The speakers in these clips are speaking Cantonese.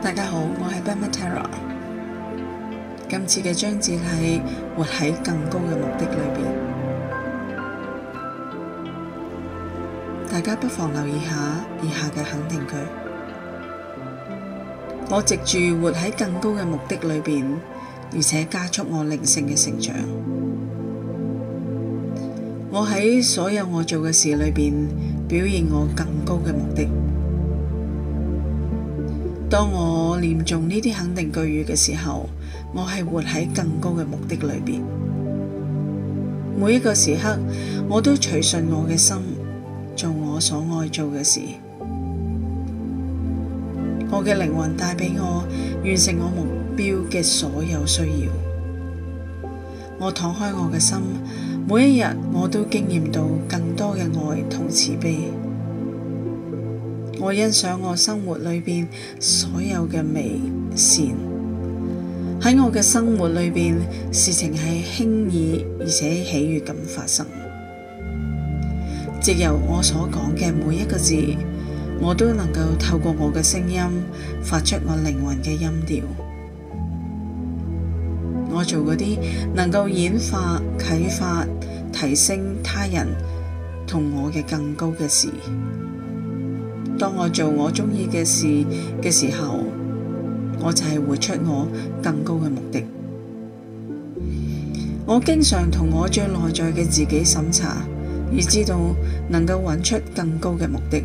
大家好，我係 Padma Tara。今次嘅章節係活喺更高嘅目的裏面。大家不妨留意下以下嘅肯定句：我藉住活喺更高嘅目的裏面，而且加速我靈性嘅成長。我喺所有我做嘅事裏面表現我更高嘅目的。當我念誦呢啲肯定句語嘅時候，我係活喺更高嘅目的裏面。每一個時刻，我都隨順我嘅心，做我所愛做嘅事。我嘅靈魂帶俾我完成我目標嘅所有需要。我敞開我嘅心，每一日我都經驗到更多嘅愛同慈悲。我欣賞我生活裏面所有嘅美善，喺我嘅生活裏面，事情係輕易而且喜悅咁發生。藉由我所講嘅每一個字，我都能夠透過我嘅聲音發出我靈魂嘅音調。我做嗰啲能夠演化、啟發、提升他人同我嘅更高嘅事。當我做我中意嘅事嘅時候，我就係活出我更高嘅目的。我經常同我將內在嘅自己審查，以知道能夠揾出更高嘅目的。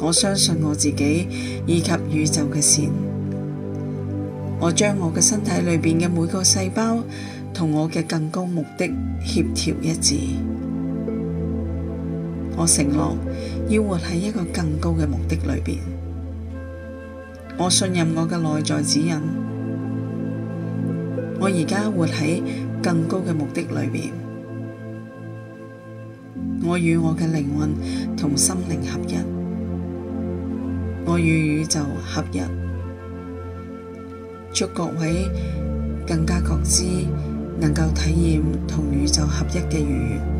我相信我自己以及宇宙嘅善。我將我嘅身體裏邊嘅每個細胞同我嘅更高目的協調一致。我承諾要活喺一個更高嘅目的裏面。我信任我嘅內在指引。我而家活喺更高嘅目的裏面。我與我嘅靈魂同心靈合一。我與宇宙合一。祝各位更加覺知，能夠體驗同宇宙合一嘅愉悦。